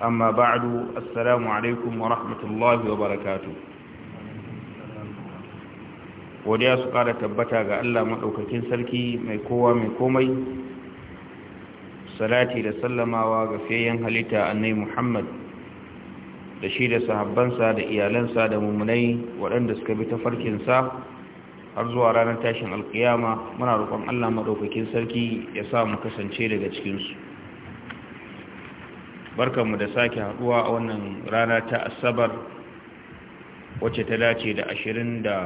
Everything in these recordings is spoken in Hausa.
amma ba'du assalamu alaikum wa rahmatullahi wa barakatu godiya su kara tabbata ga Allah maɗaukakin sarki mai kowa mai komai salati da sallamawa ga fiyayyen halitta annai Muhammad da shi da sahabbansa da iyalansa da mummunai waɗanda suka bi ta tafarkinsa har zuwa ranar tashin alkiyama muna roƙon Allah maɗaukakin sarki ya sa mu kasance daga cikinsu barkanmu da sake haduwa a wannan rana ta asabar wacce ta dace da 24 ga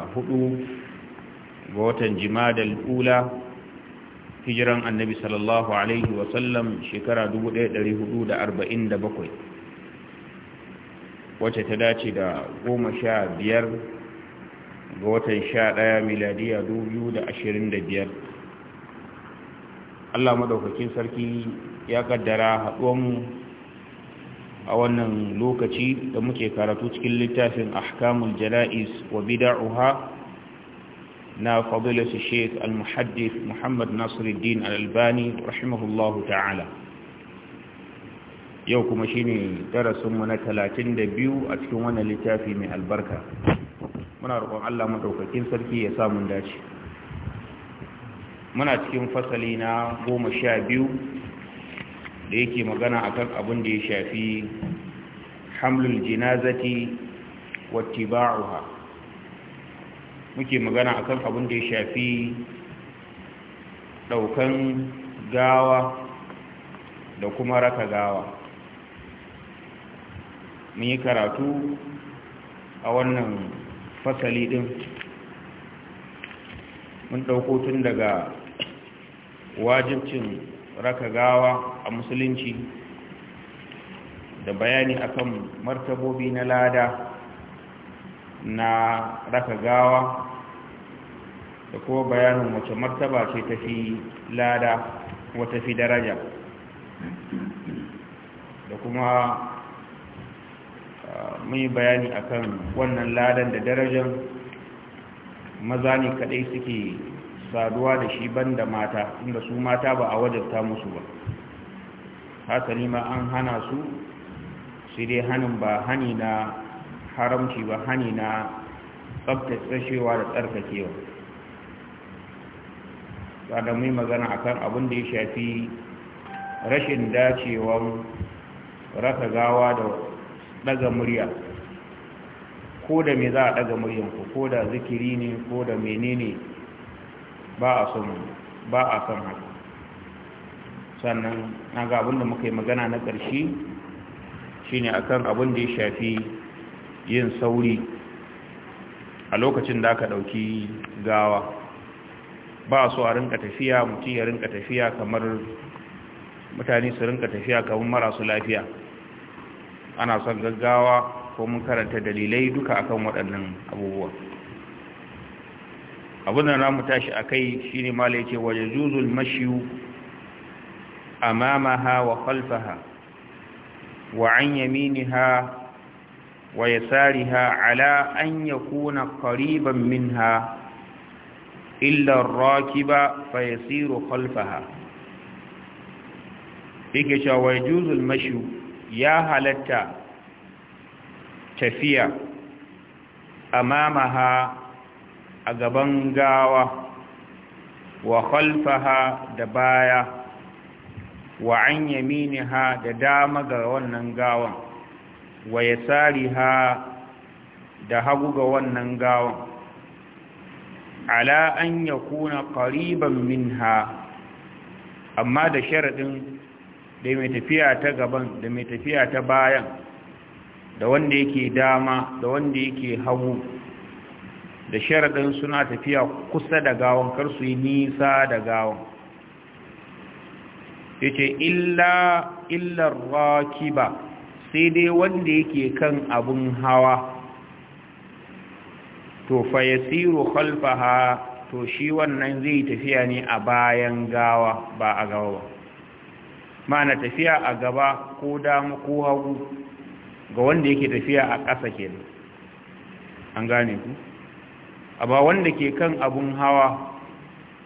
watan jimadal ula hijiran annabi sallallahu alaihi wasallam shekara 1447 wacce ta dace da 15 ga watan 11 miladiya 2025 Allah madaukakin sarki ya kaddara haɗuwanmu a wannan lokaci da muke karatu cikin littafin ahkamul jala'is wa bida'uha na fadilasu sheik al-muhaddif muhammad nasiruddin al-albani rahimahullahu ta'ala yau kuma shine darasinmu na talatin da biyu a cikin wannan littafi mai albarka muna roƙon allah maɗaukakin sarki ya samun dace muna cikin fasali na goma sha biyu da yake magana akan abin da ya shafi hamlul jinazati wattiba'uha muke magana akan abin da ya shafi daukan gawa da kuma raka gawa mun yi karatu a wannan fasali din mun dauko tun daga wajibcin raka gawa a musulunci da bayani akan martabobi na lada na raka gawa da kuma bayanin wace martaba ce tafi lada wata fi daraja da kuma ah, mai bayani akan wannan ladan da darajar maza ne kadai suke saduwa da shi banda mata inda su mata ba a wajabta musu ba hasali ma an hana su su dai hanin ba hani na haramci ba hani na tsashewa da tsarkakewa da mai magana a kan abin da ya shafi rashin dacewan raka gawa da daga murya ko da me za a daga muryanku ko da zikiri ne ko da menene ba a son ba a son haka sannan na ga abinda muka yi magana na ƙarshe shine akan abin da ya shafi yin sauri a lokacin da aka ɗauki gawa ba so a rinka tafiya mutum ya rinka tafiya kamar mutane su rinka tafiya kamar marasu lafiya ana son gaggawa ko mun karanta dalilai duka akan waɗannan abubuwa abin da mu tashi a kai shi ne mala ya ce waje juzul mashiyu a mamaha wa falfaha wa an yaminiha wa ha? ala an ya kuna ƙariban ha. illar rakiba fa ya yasiru falfaha yake cewa waje juzul mashiyu ya halatta tafiya a mamaha a gaban gawa wa khalfaha da baya wa an yaminiha da dama ga wannan gawan wa ha da hagu ga wannan gawan ala an yakuna qariban minha amma da sharaɗin da mai tafiya ta gaban da mai tafiya ta bayan da wanda yake dama da wanda yake hagu da sharadin suna tafiya kusa da gawon kar su yi nisa da gawon yace illa illar rakiba sai dai wanda yake kan abun hawa to fa yasiru khalfaha to shi wannan zai tafiya ne a bayan gawa ba a gawa ba ma'ana tafiya a gaba ko dama ko hagu ga wanda yake tafiya a ƙasa kenan an gane ku amma wanda ke kan abun hawa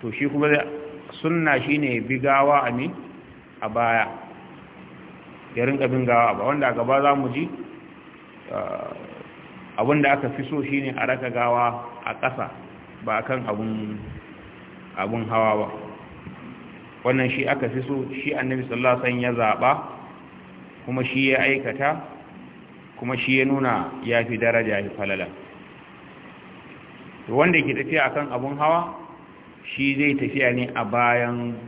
to shi kuma sunna shine bigawa a ne a baya ya rinka bin gawa ba wanda a gaba za mu ji eh, abin da aka fi so shine a raka gawa a ƙasa ba kan abun hawa ba wannan shi aka fi so shi annabi sallallahu alaihi ya zaba kuma shi ya aikata kuma shi ya nuna ya fi daraja ya falala wanda ke tafiya akan abun hawa shi zai tafiya ne a bayan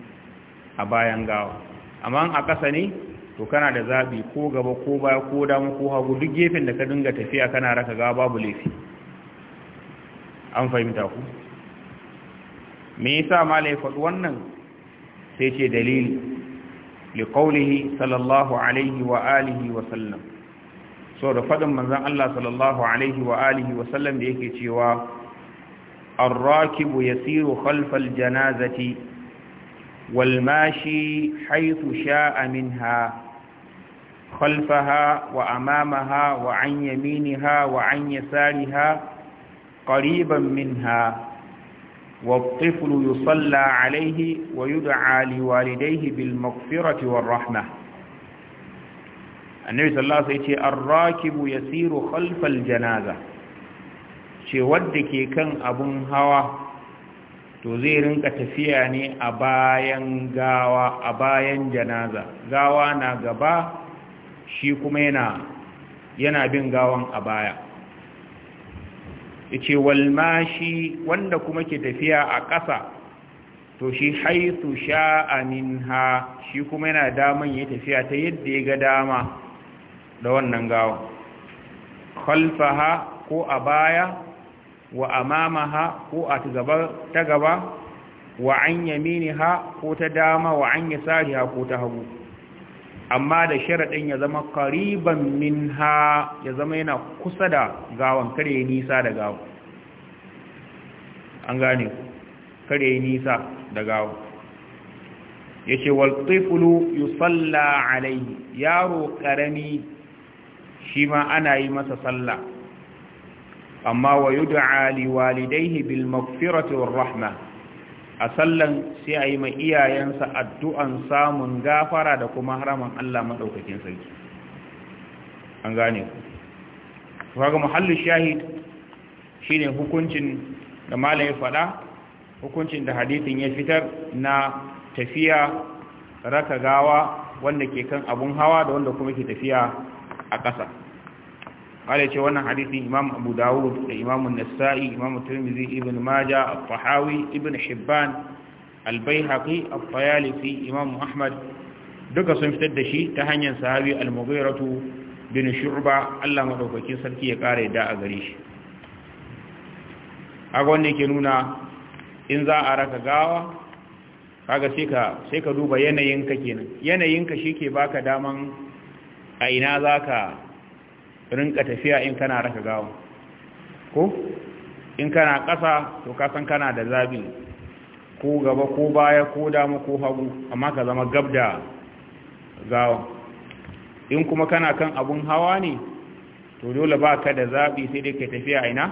a bayan gawa amma a ƙasa ne to kana da zabi ko gaba ko baya ko damu ko hagu duk gefen da ka dinga tafiya kana raka gawa babu laifi an fahimta ku me yasa malai faɗi wannan sai ce dalili qawlihi sallallahu alaihi wa alihi wa sallam so da faɗin manzon Allah sallallahu alaihi wa alihi wa sallam da yake cewa الراكب يسير خلف الجنازة والماشي حيث شاء منها خلفها وأمامها وعن يمينها وعن يسارها قريبا منها والطفل يصلى عليه ويدعى لوالديه بالمغفرة والرحمة النبي صلى الله عليه وسلم الراكب يسير خلف الجنازة ce wadda ke kan abun hawa to zai rinka tafiya ne a bayan gawa a bayan janaza gawa na gaba shi kuma yana yana bin gawan a baya yace walmashi wanda kuma ke tafiya a ƙasa to shi haitu sha'a ha. shi kuma yana daman ya tafiya ta yadda ya ga dama da wannan gawa khalfaha ko a baya wa amamaha ko a ta gaba wa an yaminiha ko ta dama wa an yasariha ko ta hagu amma da sharaɗin ya zama ƙariban minha ya zama yana kusa da gawan kare ya nisa da gawan an gane ku kare ya nisa da gawan ya ce walƙifulu yusalla Alayhi. yaro ƙarami shi ma ana yi masa sallah amma wa yud'a li walidayhi bil maghfirati war rahma a sallan sai a yi mai iyayensa addu'an samun gafara da kuma haraman Allah madaukakin sarki an gane ku kaga muhallu shahid shine hukuncin da malamin fada hukuncin da hadisin ya fitar na tafiya raka gawa wanda ke kan abun hawa da wanda kuma ke tafiya a ƙasa قال يتي وانا حديث إمام أبو داود إمام النسائي إمام الترمذي ابن ماجة الطحاوي ابن حبان البيهقي الطيالسي إمام أحمد duka sun fitar da shi ta hanyar sahabi al-mughiratu bin shurba Allah madaukakin sarki ya kare da a gare shi haka wanda yake nuna in za a raka gawa kaga sai ka sai ka duba yanayinka kenan yanayinka shike baka daman a ina zaka rinka tafiya in kana raka gawa ko in kana ƙasa to ka san kana da zabi ko gaba ko baya ko dama ko hagu amma ka zama gab da gawa in kuma kana kan abun hawa ne to dole ba ka da zabi sai dai ka tafiya ina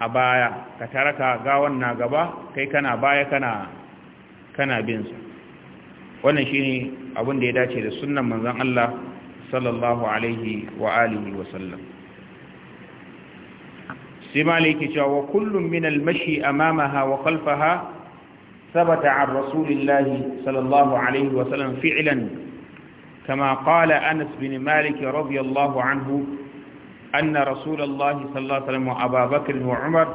a baya ka taraka gawan na gaba kai kana baya kana kana bin su wannan shine abin da ya dace da sunnan manzon Allah صلى الله عليه وآله وسلم sallam sai وكل من المشي أمامها وخلفها ثبت عن رسول الله صلى الله عليه وسلم فعلا كما قال أنس بن مالك رضي الله عنه أن رسول الله صلى الله عليه وسلم وأبا بكر وعمر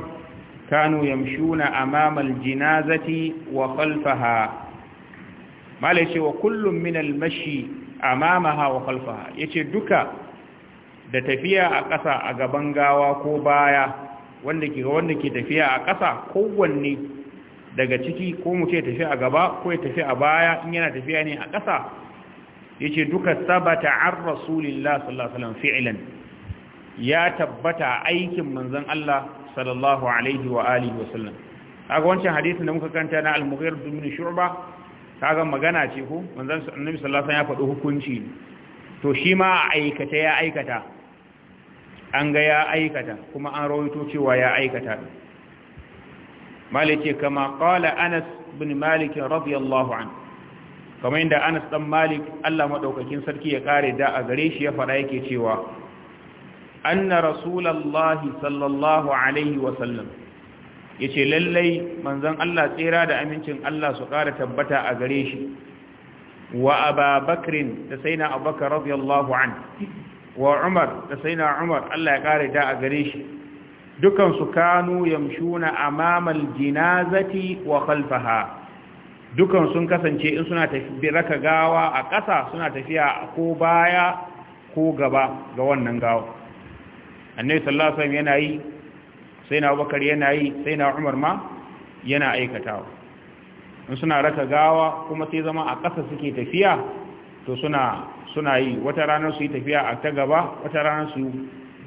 كانوا يمشون أمام الجنازة وخلفها ما ليش وكل من المشي amamaha wa ya ce duka da tafiya a ƙasa a gaban gawa ko baya wanda ke wanda ke tafiya a ƙasa kowanne daga ciki ko mu ce tafi a gaba ko ya tafi a baya in yana tafiya ne a ƙasa Ya ce duka sabata an rasulillah sallallahu alaihi wasallam fi'lan ya tabbata aikin manzon Allah sallallahu alaihi wa alihi A ga wancan hadisin da muka kanta na al-Mughir bin Shu'ba kaga magana ce ko manzon annabi sallallahu alaihi ya faɗi hukunci to shi ma aikata ya aikata an ga ya aikata kuma an rawaito cewa ya aikata malik kama qala anas bin malik radiyallahu An. kamar inda anas dan malik Allah madaukakin sarki ya kare da a gare shi ya faɗa yake cewa anna rasulullahi sallallahu alaihi wa sallam. ya ce lallai manzan Allah tsira da amincin Allah su ƙara tabbata a gare shi wa ababakrin da sai na abubakar radiyallahu an wa umar da sai na umar Allah ya ƙara da a gare shi dukansu kanu yamshuna amamal jinazati wa khalfaha dukan sun kasance in suna tafi raka gawa a ƙasa suna tafiya ko baya ko gaba ga wannan gawa annabi sallallahu alaihi wasallam yana yi sai na bakar yana yi sai na umar ma yana aikatawa in suna raka gawa kuma sai zama a ƙasa suke tafiya to suna suna yi wata ranar su yi tafiya a ta gaba wata ranar su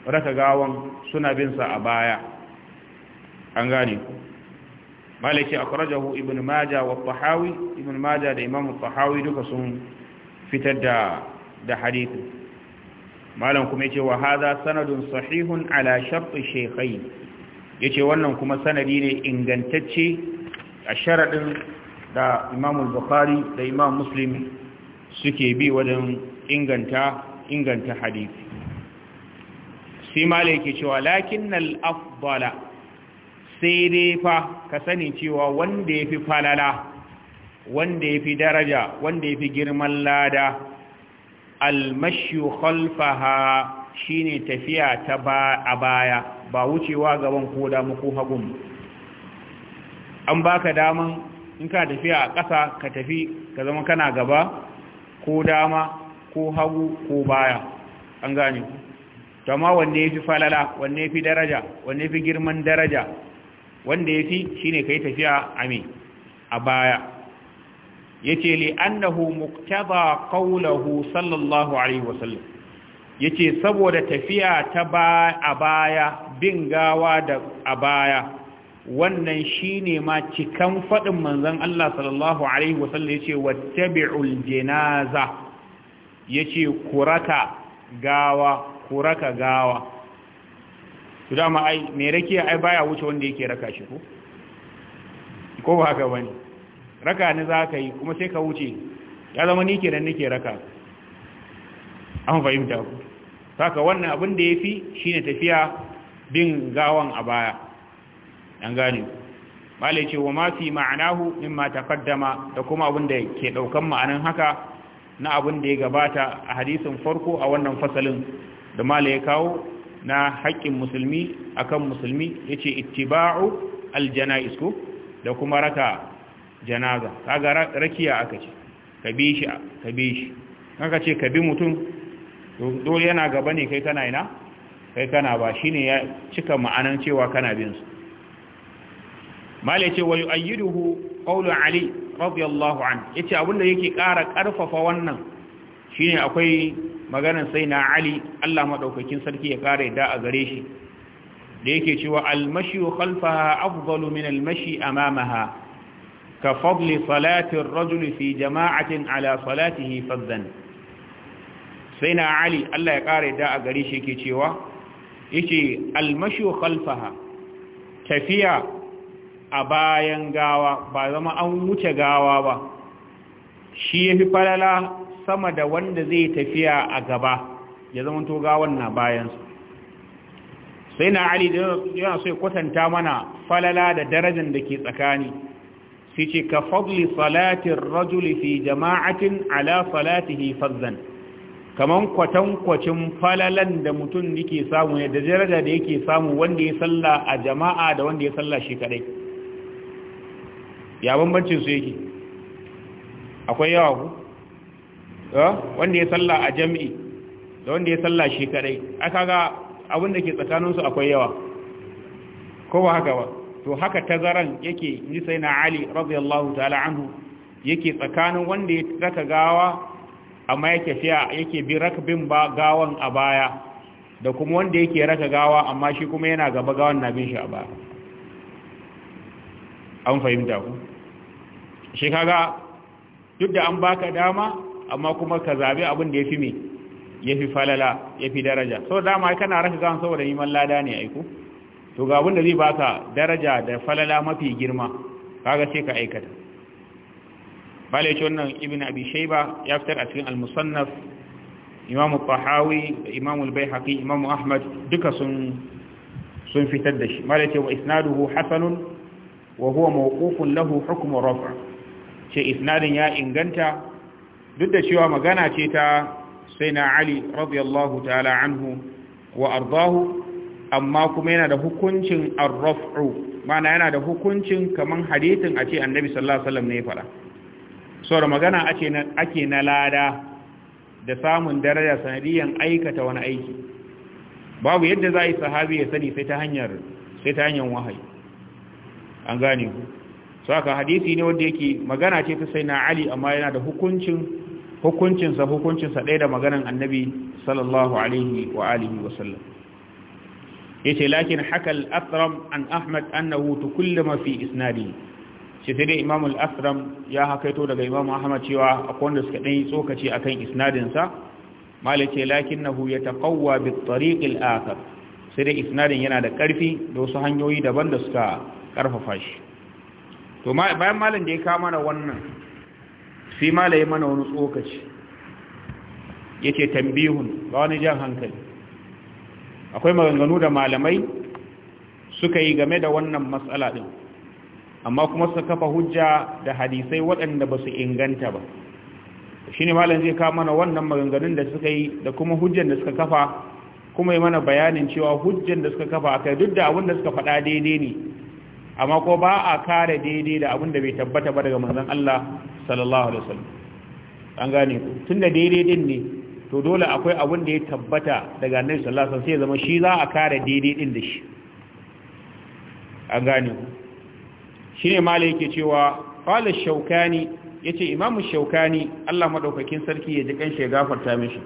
raka gawan suna bin sa a baya an gane ku malaki akhrajahu ibn majah wa tahawi ibn majah da imam tahawi duka sun fitar da da hadisi malam kuma yace wa hadha sanadun sahihun ala shartu shekai. yace wannan kuma sanadi ne ingantacce a sharaɗin da Imam Bukhari da Imam Muslim suke bi wajen inganta inganta hadisi sai malai yake cewa lakinnal afdala sai dai fa ka sani cewa wanda yafi falala wanda ya fi daraja wanda ya fi girman lada almashu khalfaha shine tafiya ta ba a baya ba wucewa gaban ko damu ko hagun an baka daman in ka tafiya a ƙasa ka tafi ka zama kana gaba ko dama ko hagu ko baya an gane ku amma wanne yafi falala wanne yafi daraja wanne yafi girman daraja wanda yafi shine kai tafiya a me a baya yace li annahu muqtada qawluhu sallallahu alaihi wasallam yace saboda tafiya ta ba a baya bin gawa da a baya wannan shine ma cikan fadin manzon Allah sallallahu alaihi wasallam yace wattabi'ul janaza yace kurata gawa kuraka gawa to dama ai me rake ai baya wuce wanda yake raka shi ko ko ba haka bane raka ne zaka yi kuma sai ka wuce ya zama ni kenan nake raka an fahimta ku saka wannan abin da ya fi shi ne tafiya bin gawan a baya an gane bale ce wa mafi ma'anahu mimma taqaddama da kuma abin da ke ɗaukan ma'anan haka na abin da ya gabata a hadisin farko a wannan fasalin da mala ya kawo na haƙƙin musulmi akan musulmi yace ittiba'u aljanaiz da kuma raka janaza kaga rakiya aka ce ka bi shi ka kaga ce ka bi mutum dole yana gaba ne kai kana ina kai kana ba shine ya cika ma'anan cewa kana binsu su mala ce wa yu'ayyiduhu qawlu ali radiyallahu an yace abinda yake ƙara ƙarfafa wannan shine akwai maganar sai na ali Allah maɗaukacin sarki ya ƙara yadda a gare shi da yake cewa al-mashi khalfaha afdalu min al-mashi amamaha ka fadli salatin rajuli fi jama'atin ala salatihi fazzan sai na ali Allah ya ƙara da a gari shi yake cewa yake almashu khalfaha tafiya a bayan gawa ba zama an wuce gawa ba shi fi falala sama da wanda zai tafiya a gaba ya zama to gawan na bayansa sai na ali yana so ya kwatanta mana falala da darajar da ke tsakani sai ce ka fadli salatin rajuli fi jama'atin ala salatihi fazzan kaman kwatankwacin falalan da mutum yake samu ne da daraja da yake samu wanda ya salla a jama'a da wanda ya salla shi kadai ya bambancin su yake akwai yawa ku wanda ya salla a jami'i da wanda ya salla shi kadai aka ga abin da ke tsakaninsu akwai yawa ko ba haka ba to haka tazaran yake ni sai na ali radiyallahu ta'ala anhu yake tsakanin wanda ya taka gawa amma yake fiya yake bi rakbin ba gawan a baya da kuma wanda yake raka gawa amma shi kuma yana gaba gawan na bin shi a baya an fahimta ku shi kaga duk da an baka dama amma kuma ka zabi abin da yafi me yafi falala yafi daraja so dama kana raka gawan saboda neman lada ne aiko to ga abin da zai baka daraja da falala mafi girma kaga sai ka aikata bala yake wannan ibn abi shayba ya fitar a cikin al-musannaf imam tahawi imam al-baihaqi imam ahmad duka sun sun fitar da shi bala yake wa isnaduhu hasanun wa huwa mawqufun lahu hukm raf' ce isnadin ya inganta duk da cewa magana ce ta sayyidina ali radiyallahu ta'ala anhu wa ardahu amma kuma yana da hukuncin ar-raf'u ma'ana yana da hukuncin kaman hadithin a ce annabi sallallahu alaihi wasallam ne ya fara da magana ake na lada da samun daraja sanadiyan aikata wani aiki babu yadda za a yi sahabi ya sani sai ta hanyar sai ta hanyar wahayi an gane ku saka hadisi ne wanda yake magana ce ta na ali amma yana da hukuncin hukuncinsa hukuncinsa ɗaya da maganan annabi sallallahu alaihi wa alihi wa sallam yace lakin hakal athram an ahmad annahu tukullama fi isnadihi ce sai dai imamul asram ya hakaito daga imamu ahmad cewa akwai wanda suka ɗanyi tsokaci akan isnadinsa lakin lakinnahu ya taqawwa bi al akhar sai dai isnadin yana da ƙarfi da wasu hanyoyi daban da suka ƙarfafa shi to bayan malam da ya kawo mana wannan sai malai mana wani tsokaci yace tambihun ba wani jan hankali akwai maganganu da malamai suka yi game da wannan matsala din amma kuma su kafa hujja da hadisai waɗanda ba su inganta ba shi ne malam zai kama mana wannan maganganun da suka yi da kuma hujjan da suka kafa kuma yi mana bayanin cewa hujjan da suka kafa a kai duk da abin da suka faɗa daidai ne amma ko ba a kare daidai da abin da bai tabbata ba daga manzon Allah sallallahu alaihi wasallam an gane ku tunda daidai din ne to dole akwai abin da ya tabbata daga annabi sallallahu alaihi wasallam sai ya zama shi za a kare daidai din da shi an gane ku shine mala yake cewa qala shaukani yace imamu shaukani Allah madaukakin sarki ya ji kanshi ya gafarta mishi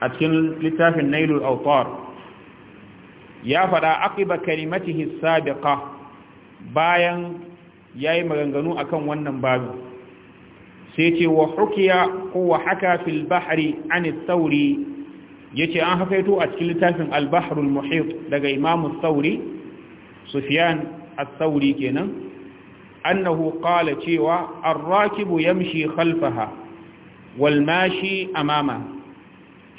a cikin littafin nailul autar ya faɗa aqiba kalimatihi sabiqa bayan yayi maganganu akan wannan babu sai ce wa hukiya ko wa haka fil bahri an tsauri yace an hakaito a cikin littafin al-bahrul muhit daga imamu tsauri sufyan as-sauri kenan annahu qala cewa ar-rakibu yamshi khalfaha walmashi mashi amama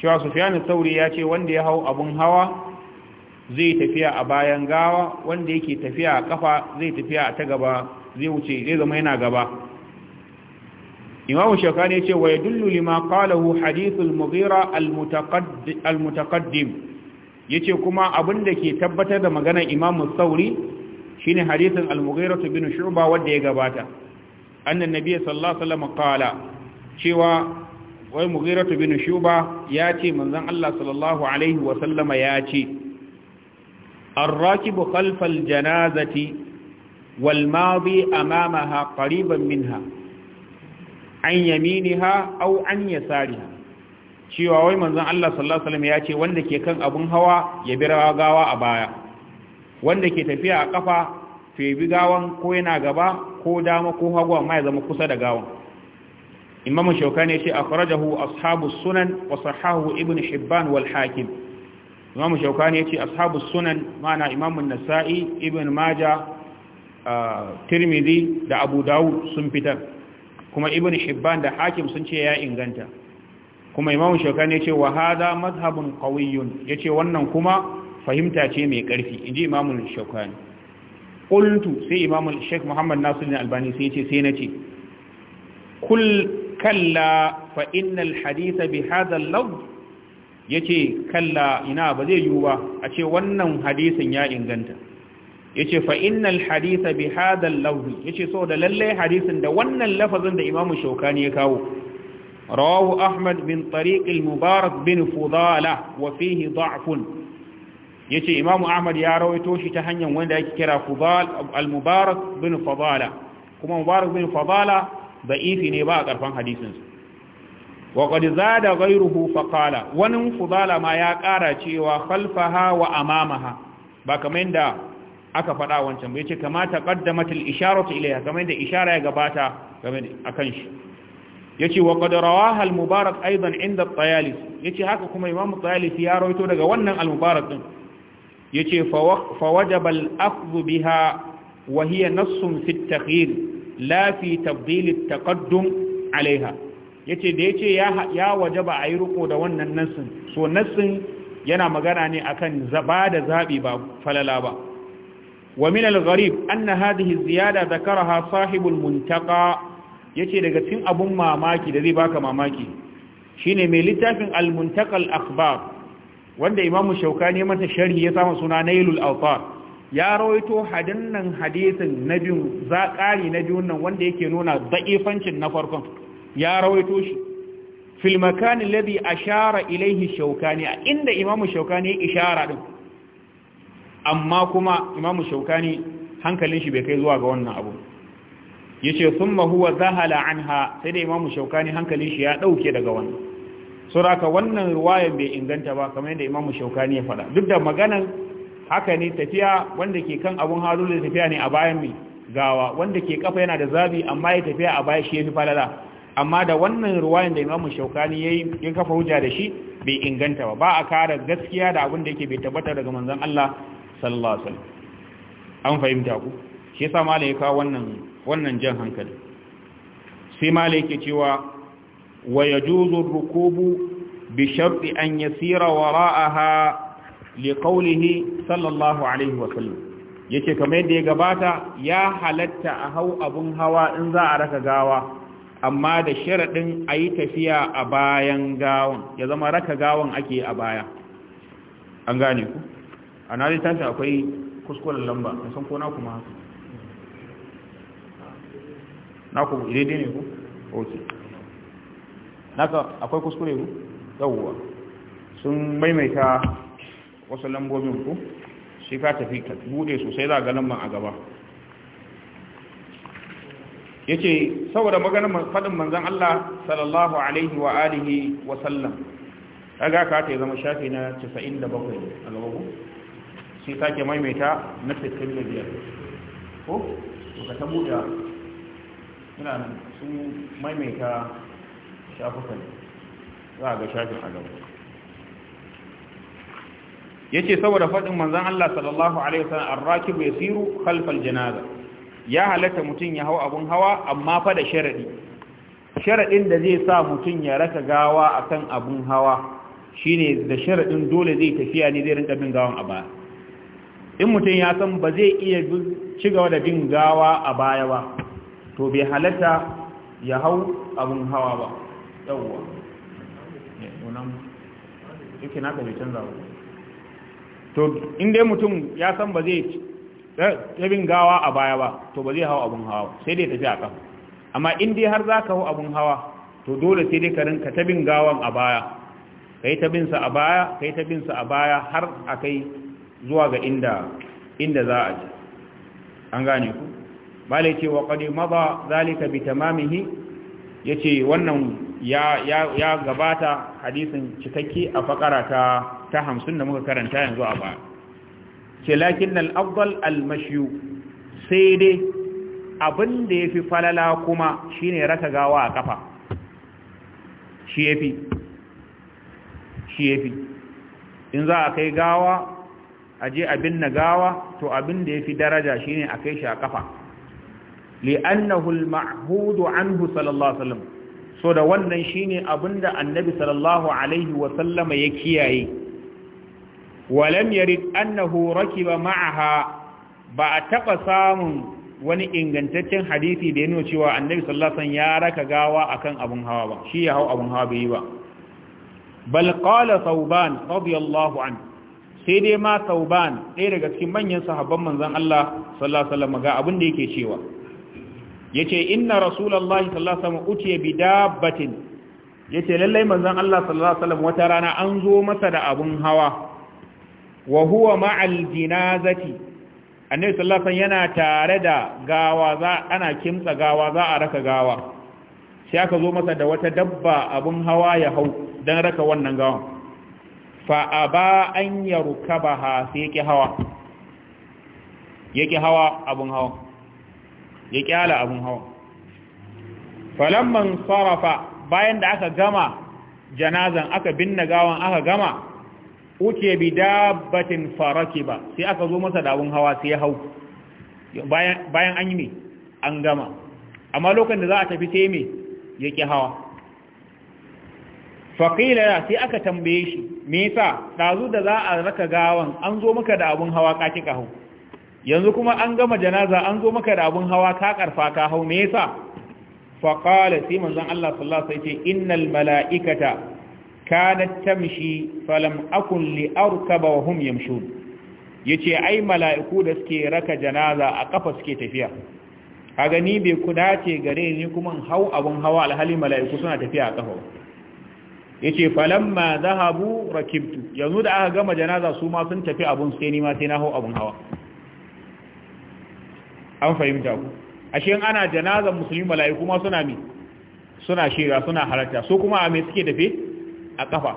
cewa sufyan sauri ya ce wanda ya hau abun hawa zai tafiya a bayan gawa wanda yake tafiya a kafa zai tafiya ta gaba zai wuce zai zama yana gaba imamu shekani ce wa yadullu lima qalahu hadithul mughira al-mutaqaddim yace kuma abin da ke tabbatar da maganar imamu sauri shine hadisin al-mughira bin shu'ba wanda ya gabata annan nabiy sallallahu alaihi wasallam cewa wai mughira bin shu'ba ya ce manzon Allah sallallahu alaihi sallama ya ce ar-rakibu janazati wal madi amamaha qariban minha an yaminiha au an yasariha cewa wai manzon Allah sallallahu ya ce wanda ke kan abun hawa ya bi gawa a baya wanda ke tafiya a kafa to bi gawan ko yana gaba ko dama ko hagu amma ya zama kusa da gawan imamu shaukani ce akhrajahu ashabu sunan wa sahahu ibn hibban wal hakim imamu shaukani ce ashabu sunan mana imamu nasa'i ibn maja ah, tirmidhi da abu daud sun fitar kuma ibn hibban da hakim sun ce ya inganta kuma imamu shaukani ce wa hadha madhhabun qawiyyun yace wannan kuma fahimta ce mai ƙarfi inji imamul shaukani qultu sai imamul sheikh muhammad nasiruddin albani sai ce sai nace kul kalla fa haditha bi hadha al-lafz kalla ina ba zai yiwu ba a ce wannan hadisin ya inganta yace fa innal haditha bi hadha Ya ce yace da lallai hadisin da wannan lafazin da Imam Shaukani ya kawo rawahu Ahmad bin tariq mubarak bin Fudala wa fihi da'fun Ya ce imamu ahmad ya rawaito shi ta hanyar wanda yake kira fudal al-mubarak bin fadala kuma mubarak bin fadala da'ifi ne ba a karfan hadisin sa wa qad zada ghayruhu fa qala wani fudala ma ya kara cewa khalfaha wa amamaha ba kamar da aka faɗa wancan ba ya ce kamata qaddamat al-isharatu ilayha kamar da ishara ya gabata a akan shi ce wa qad rawaha mubarak aidan inda tsayalis ya ce haka kuma imam tsayalis ya rawaito daga wannan al-mubarak din yace fa wajaba al-akhdhu biha wa hiya nassun fi at-takhir la fi at-taqaddum alaiha yace da yace ya ya wajaba ayi riko da wannan nassin so nassin yana magana ne akan zaba da zabi ba falala ba wa min al-gharib anna hadhihi ziyada dhakaraha sahibu al-muntaqa yace daga cikin abun mamaki da zai baka mamaki shine mai littafin al-muntaqa al-akhbar wanda imamu shaukani mata sharhi ya samu suna nailul awtar ya rawaito hadin nan hadisin na biyu za ƙari na biyun nan wanda yake nuna da'ifancin na farkon ya rawaito shi Filmakani labi ladhi ilaihi shaukani a inda imamu shaukani ya ishara din amma kuma imamu shaukani hankalin shi bai kai zuwa ga wannan abu yace thumma huwa zahala anha sai da imamu shaukani hankalin shi ya ɗauke daga wannan suraka wannan riwayan bai inganta ba kamar yadda imamu shaukani ya faɗa duk da maganan haka ne tafiya wanda ke kan abun halu da tafiya ne a bayan mai gawa wanda ke kafa yana da zabi amma ya tafiya a baya shi ya fi falala amma da wannan ruwayan da imamu shaukani ya yi kafa hujja da shi bai inganta ba ba a kara gaskiya da abin da yake bai tabbata daga manzon Allah sallallahu alaihi an fahimta ku shi yasa malai ya kawo wannan wannan jan hankali sai malai yake cewa ويجوز الركوب بشرط أن يسير وراءها لقوله صلى الله عليه وسلم yace kamar yadda ya gabata ya halatta a hau abun hawa in za a raka gawa amma da sharaɗin a yi tafiya a bayan gawan ya zama raka gawan ake a baya an gane ku a na tashi akwai kuskuren lamba san ko na kuma haka na kuma daidai ne ku? ok naka akwai kuskure ku yawwa sun maimaita wasu lambobin ku shi ka tafi ka bude sosai za a ganin man a gaba Ya ce, saboda maganar faɗin manzan Allah sallallahu alaihi wa alihi wa sallam ga ka ta zama shafi na 97 a gaba ku shi sake maimaita na 65 ko ko ka tabuda ina sun maimaita shafukan za a ga shafin a gaba ce saboda faɗin manzan Allah sallallahu alaihi wasallam ar bai siru khalfal janaza ya halatta mutum ya hau abin hawa amma fa da sharaɗi sharaɗin da zai sa mutum ya raka gawa a kan abin hawa shi ne da sharaɗin dole zai tafiya ne zai rinka bin gawan a baya in mutum ya san ba zai iya ci gaba da bin gawa a baya ba to bai halatta ya hau abin hawa ba yawwa eh, ne unan yake na bai canza ba to inda mutum ya san ba zai bin gawa a baya ba to ba zai hau abun hawa sai dai tafi a kan amma in dai har za ka hau abun hawa to dole sai dai ka rinka tabin gawan a baya ka yi sa a baya ka yi sa a baya har a kai zuwa ga inda inda za a ji an gane ku bala ce wa ƙadi maza zalika bi tamamihi ya ce wannan ya gabata hadisin cikakke a fakara ta ta hamsin da muka karanta yanzu a baya ce lakin al'abdal almashiyu sai dai abin da ya fi falala kuma shine raka gawa a kafa shi ya fi shi ya fi in za a kai gawa a je abin na gawa to abin da ya fi daraja shine a kai shi a kafa liannahul mahudu anhu sallallahu so da wannan shine abinda annabi sallallahu alaihi wa sallama ya kiyaye walam yarid annahu rakiba ma'aha ba a taba samun wani ingantaccen hadisi da ya nuna cewa annabi sallallahu alaihi ya raka gawa akan abun hawa ba shi ya hau abun hawa bai ba bal qala thawban radiyallahu an sai dai ma thawban ɗaya daga cikin manyan sahabban manzon Allah sallallahu alaihi wasallam ga abin da yake cewa yace inna rasulullahi sallallahu alaihi wasallam utiya bi dabbatin yace lallai manzon Allah sallallahu alaihi wasallam wata rana an zo masa da abun hawa wa huwa ma'al jinazati annabi sallallahu alaihi wasallam yana tare da gawa za ana kimtsa gawa za a raka gawa sai aka zo masa da wata dabba abun hawa ya hau dan raka wannan gawan fa aba an yarkabaha sai yake hawa yake hawa abun hawa ya kyala abun hawa. falamman sarrafa bayan da aka gama janazan aka binne gawan aka gama uke bi dabbatin farakiba sai aka zo masa da abun hawa sai ya hau bayan an yi me an gama amma lokacin da za a tafi sai me yake hawa faƙila sai aka tambaye shi me yasa dazu da za a raka gawan an zo maka da abun hawa ka kika hau yanzu kuma an gama janaza an zo maka da abun hawa ka karfa ka hau me yasa fa qala sai manzon Allah sallallahu alaihi wasallam innal malaikata kanat tamshi falam akun li arkaba wa hum yamshun yace ai mala'iku da suke raka janaza a kafa suke tafiya kaga ni bai kudace gare ni kuma hau abun hawa alhali mala'iku suna tafiya a kafa yace falamma zahabu rakibtu yanzu da aka gama janaza su ma sun tafi abun sai ni ma sai na hau abun hawa an fahimta ku ashe ana janazan musulmi mala'iku ma suna mi suna shira suna halarta so kuma a me suke tafe a kafa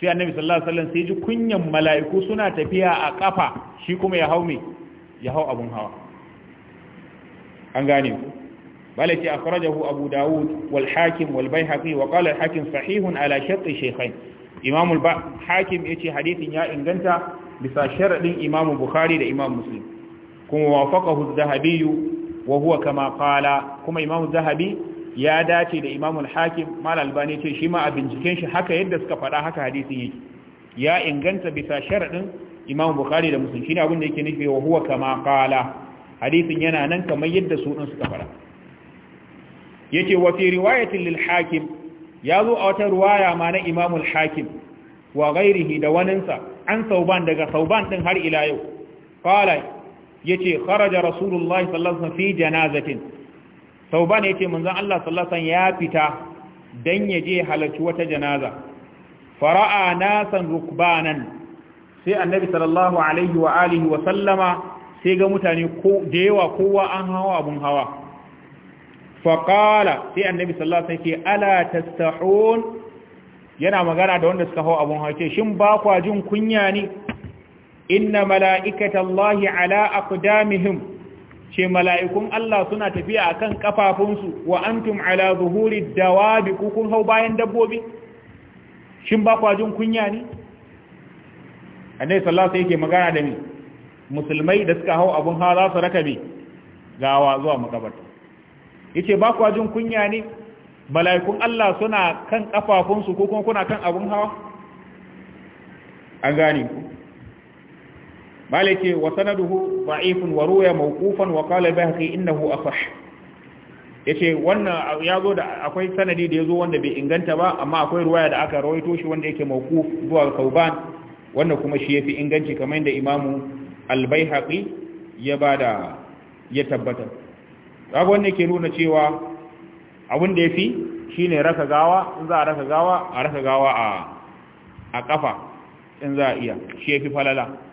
sai annabi sallallahu alaihi wasallam sai ji kunyan mala'iku suna tafiya a kafa shi kuma ya hau me ya hau abun hawa an gane ku balaci akhrajahu abu daud wal hakim wal baihaqi wa qala al hakim sahihun ala shart shaykhain imam al hakim yace hadithin ya inganta bisa sharadin imam bukhari da imam muslim kuma wafaqahu az wa huwa kama qala kuma imamu zahabi ya dace da imamu hakim mal albani ce shi ma a binciken shi haka yadda suka faɗa haka hadisin yake ya inganta bisa sharaɗin imamu bukhari da muslim shine abin da yake nufi wa huwa kama qala hadisin yana nan kamar yadda su ɗan suka faɗa yace wa fi riwayatin lil hakim zo a wata riwaya ma na imamu hakim wa ghairihi da waninsa an sauban daga sauban ɗin har ila yau qala Ya ce kharaja rasulullahi sallallahu alaihi wasallam fi janazatin sauban yace manzon Allah sallallahu alaihi ya fita dan yaje halarci wata janaza fara'a nasan rukbanan sai annabi sallallahu alaihi wa alihi wa sallama sai ga mutane ko da yawa kowa an hawa abun hawa faƙala sai annabi sallallahu alaihi ala tastahun yana magana da wanda suka hau abun hawa ce shin ba kwa jin kunya ne inna Allahi ala aqdamihim ce mala'ikun Allah suna tafiya akan kafafunsu wa antum ala zuhuri dawabi ku kun hau bayan dabbobi shin ba kwajin kunya ne annai sallasa yake magana da ni musulmai da suka hau abun hawa za su raka me gawa zuwa makabar. yace ba kwajin kunya ne mala'ikun Allah suna kan kafafunsu ko kuna kan abun hawa an gane ku ce, wa sanaduhu da'ifun wa ruya mawqufan wa qala bahqi innahu asah yace wannan yazo da akwai sanadi da yazo wanda bai inganta ba amma akwai ruwaya da aka rawaito shi wanda yake mawquf zuwa Sauban wannan kuma shi yafi inganci kamar yadda Imamu Al-Baihaqi ya bada ya tabbata kaga wannan ke nuna cewa abin da yafi shine raka gawa in za a raka gawa a raka gawa a a kafa in za a iya shi yafi falala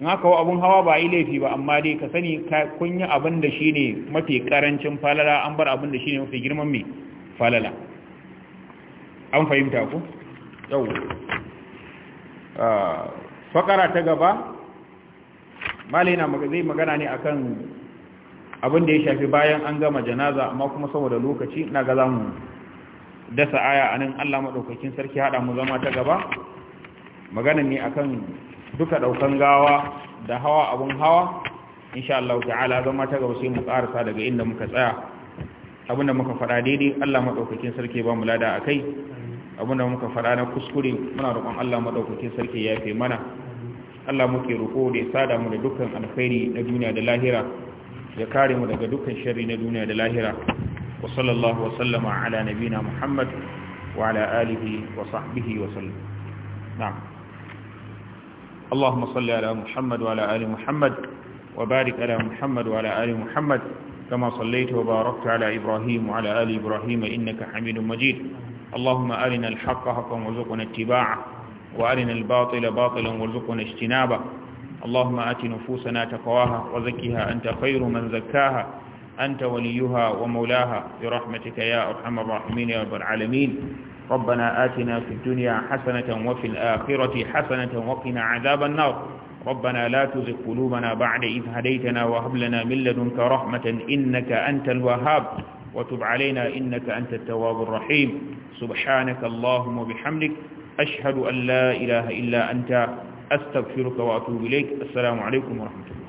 in aka abun hawa ba yi laifi ba amma dai ka sani kun yi abin da shi ne mafi karancin falala an bar abin da shi ne mafi girman mai falala an fahimta ku yau ah, fakara ta gaba malai na zai magana ne akan abin da ya shafi bayan an gama janaza amma kuma saboda lokaci na ga zamu dasa aya a nan allah maɗaukakin sarki haɗa mu zama ta gaba magana ne akan duka daukan gawa da hawa abun hawa insha Allah ta'ala zama ta gaba sai mu karasa daga inda muka tsaya abinda muka faɗa daidai Allah madaukakin sarki ba mu lada akai abinda muka faɗa na kuskure muna roƙon Allah madaukakin sarki ya yafe mana Allah muke roƙo da ya sada mu da dukkan alkhairi na duniya da lahira ya kare mu daga dukkan sharri na duniya da lahira wa sallallahu wa sallama ala nabina Muhammad wa ala alihi wa sahbihi wa sallam na'am اللهم صل على محمد وعلى آل محمد وبارك على محمد وعلى آل محمد كما صليت وباركت على إبراهيم وعلى آل إبراهيم إنك حميد مجيد اللهم أرنا الحق حقا وارزقنا اتباعه وأرنا الباطل باطلا وارزقنا اجتنابه اللهم آت نفوسنا تقواها وزكها أنت خير من زكاها أنت وليها ومولاها برحمتك يا أرحم الراحمين يا رب العالمين ربنا آتنا في الدنيا حسنة وفي الآخرة حسنة وقنا عذاب النار ربنا لا تزغ قلوبنا بعد إذ هديتنا وهب لنا من لدنك رحمة إنك أنت الوهاب وتب علينا إنك أنت التواب الرحيم سبحانك اللهم وبحمدك أشهد أن لا إله إلا أنت أستغفرك وأتوب إليك السلام عليكم ورحمة الله